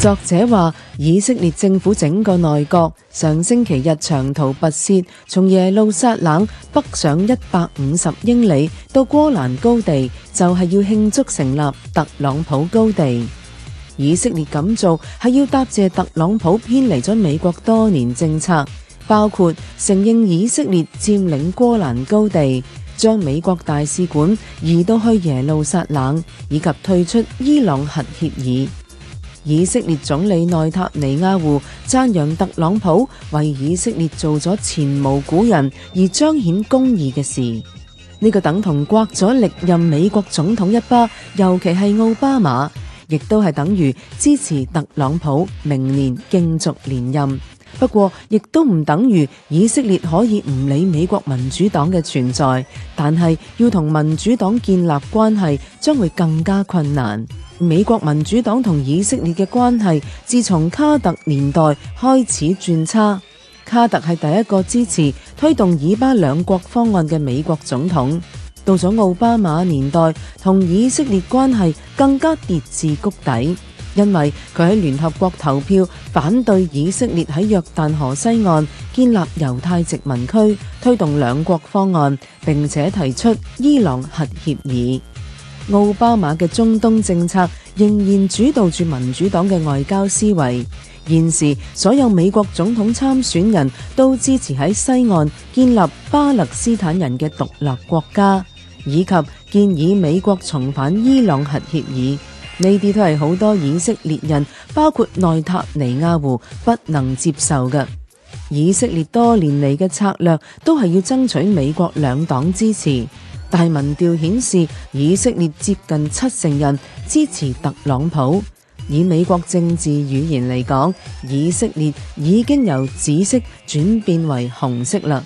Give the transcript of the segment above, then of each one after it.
作者話：以色列政府整個內閣上星期日長途跋涉，從耶路撒冷北上一百五十英里到戈蘭高地，就係要慶祝成立特朗普高地。以色列咁做係要答謝特朗普偏離咗美國多年政策，包括承認以色列佔領戈蘭高地、將美國大使館移到去耶路撒冷以及退出伊朗核協議。以色列總理內塔尼亞胡讚揚特朗普為以色列做咗前無古人而彰顯公義嘅事，呢、這個等同刮咗歷任美國總統一巴，尤其係奧巴馬，亦都係等於支持特朗普明年競逐連任。不過，亦都唔等於以色列可以唔理美國民主黨嘅存在，但係要同民主黨建立關係，將會更加困難。美國民主黨同以色列嘅關係，自從卡特年代開始轉差。卡特係第一個支持推動以巴兩國方案嘅美國總統，到咗奧巴馬年代，同以色列關係更加跌至谷底。因為佢喺聯合國投票，反對以色列喺約旦河西岸建立猶太殖民區，推動兩國方案，並且提出伊朗核協議。奧巴馬嘅中東政策仍然主導住民主黨嘅外交思維。現時所有美國總統參選人都支持喺西岸建立巴勒斯坦人嘅獨立國家，以及建議美國重返伊朗核協議。呢啲都係好多以色列人，包括內塔尼亞胡，不能接受嘅。以色列多年嚟嘅策略都係要爭取美國兩黨支持，但係民調顯示，以色列接近七成人支持特朗普。以美國政治語言嚟講，以色列已經由紫色轉變為紅色啦。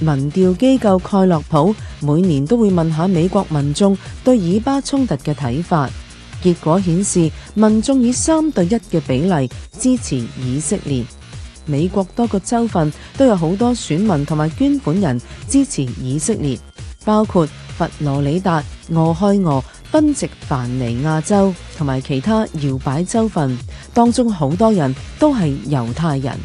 民調機構蓋洛普每年都會問下美國民眾對以巴衝突嘅睇法。結果顯示，民眾以三對一嘅比例支持以色列。美國多個州份都有好多選民同埋捐款人支持以色列，包括佛羅里達、俄亥俄、賓夕凡尼亞州同埋其他搖擺州份，當中好多人都係猶太人。